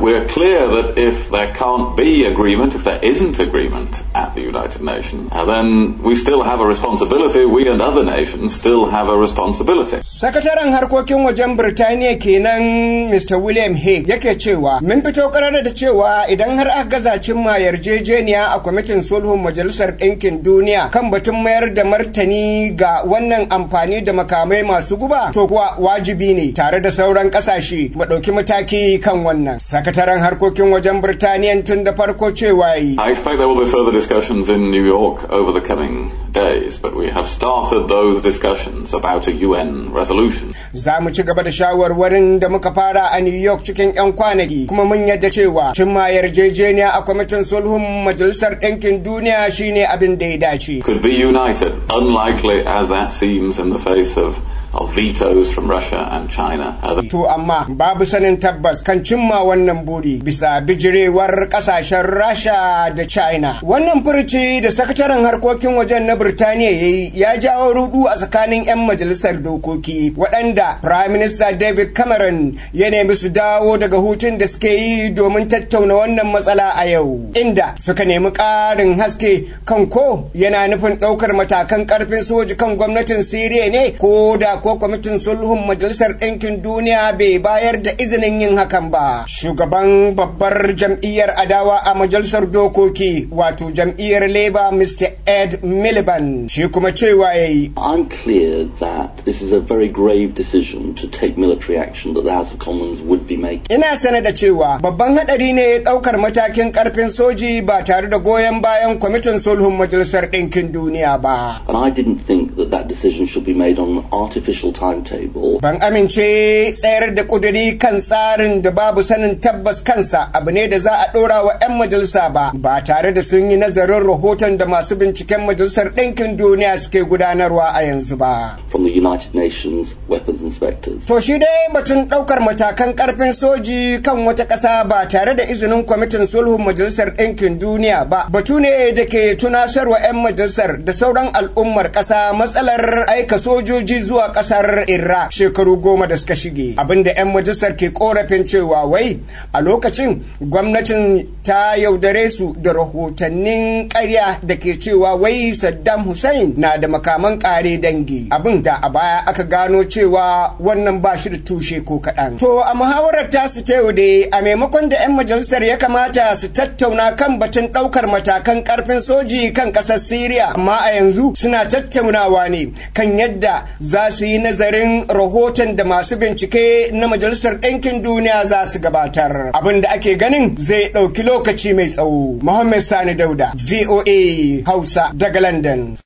we're clear that if there can't be agreement, if there isn't agreement at the United Nations, uh, then we still have a responsibility, we and other nations still have a responsibility. Sakataren harkokin wajen Birtaniya kenan Mr. William Hague yake cewa mun fito karara da cewa idan har aka gaza cimma yarjejeniya a kwamitin sulhun majalisar ɗinkin duniya kan batun mayar da martani ga wannan amfani da makamai masu guba to kuwa wajibi ne tare da sauran ƙasashe mu ɗauki mataki kan wannan. sakataren harkokin wajen Birtaniya tun da farko cewa yi. I expect there will be further discussions in New York over the coming days, but we have started those discussions about a UN resolution. Za mu ci gaba da shawarwarin da muka fara a New York cikin 'yan kwanaki, kuma mun yadda cewa cimma yarjejeniya a kwamitin sulhun Majalisar Ɗinkin Duniya shine abin da ya dace. Could be united, unlikely as that seems in the face of of vetoes from Russia and China. Uh, to amma babu sanin tabbas kan cimma wannan buri bisa bijirewar kasashen Rasha da China. Wannan furuci da sakataren harkokin wajen na Birtaniya ya ya jawo rudu a tsakanin 'yan majalisar dokoki waɗanda Prime Minister David Cameron ya nemi su dawo daga hutun da suke yi domin tattauna wannan matsala a yau. Inda suka nemi ƙarin haske kan ko yana nufin ɗaukar matakan ƙarfin soji kan gwamnatin Siriya ne ko da ko kwamitin sulhun majalisar ɗinkin duniya bai bayar da izinin yin hakan ba shugaban babbar jam'iyyar adawa a majalisar dokoki wato jam'iyyar labour mr Ed Miliband shi kuma cewa yayi I'm clear that this is a very grave decision to take military action that the House of Commons would be making. Ina sanar da cewa babban hadari ne daukar matakin karfin soji ba tare da goyon bayan kwamitin sulhun majalisar ɗinkin duniya ba. And I didn't think that that decision should be made on an artificial timetable. Ban amince tsayar da kuduri kan tsarin da babu sanin tabbas kansa abu ne da za a ɗora wa 'yan majalisa ba ba tare da sun yi nazarin rahoton da masu bincike binciken majalisar ɗinkin duniya suke gudanarwa a yanzu ba. To shi dai batun ɗaukar matakan ƙarfin soji kan wata ƙasa ba tare da izinin kwamitin sulhun majalisar ɗinkin duniya ba batu ne da ke tunasarwa 'yan majalisar da sauran al'ummar ƙasa matsalar aika sojoji zuwa ƙasar Iraq shekaru goma da suka shige abinda 'yan majalisar ke korafin cewa wai a lokacin gwamnatin ta yaudare su da rahotannin ƙarya da ke cewa cewa wai Saddam Hussein na da makaman kare dangi abin da a baya aka gano cewa wannan ba shi da tushe ko kaɗan. To a muhawarar ta su ta yau dai a maimakon da 'yan majalisar ya kamata su tattauna kan batun ɗaukar matakan ƙarfin soji kan ƙasar Siriya amma a yanzu suna tattaunawa ne kan yadda za su yi nazarin rahoton da masu bincike na majalisar ɗinkin duniya za su gabatar abin da ake ganin zai ɗauki lokaci mai tsawo. Muhammad Sani Dauda, VOA Hausa. Hausa daga London.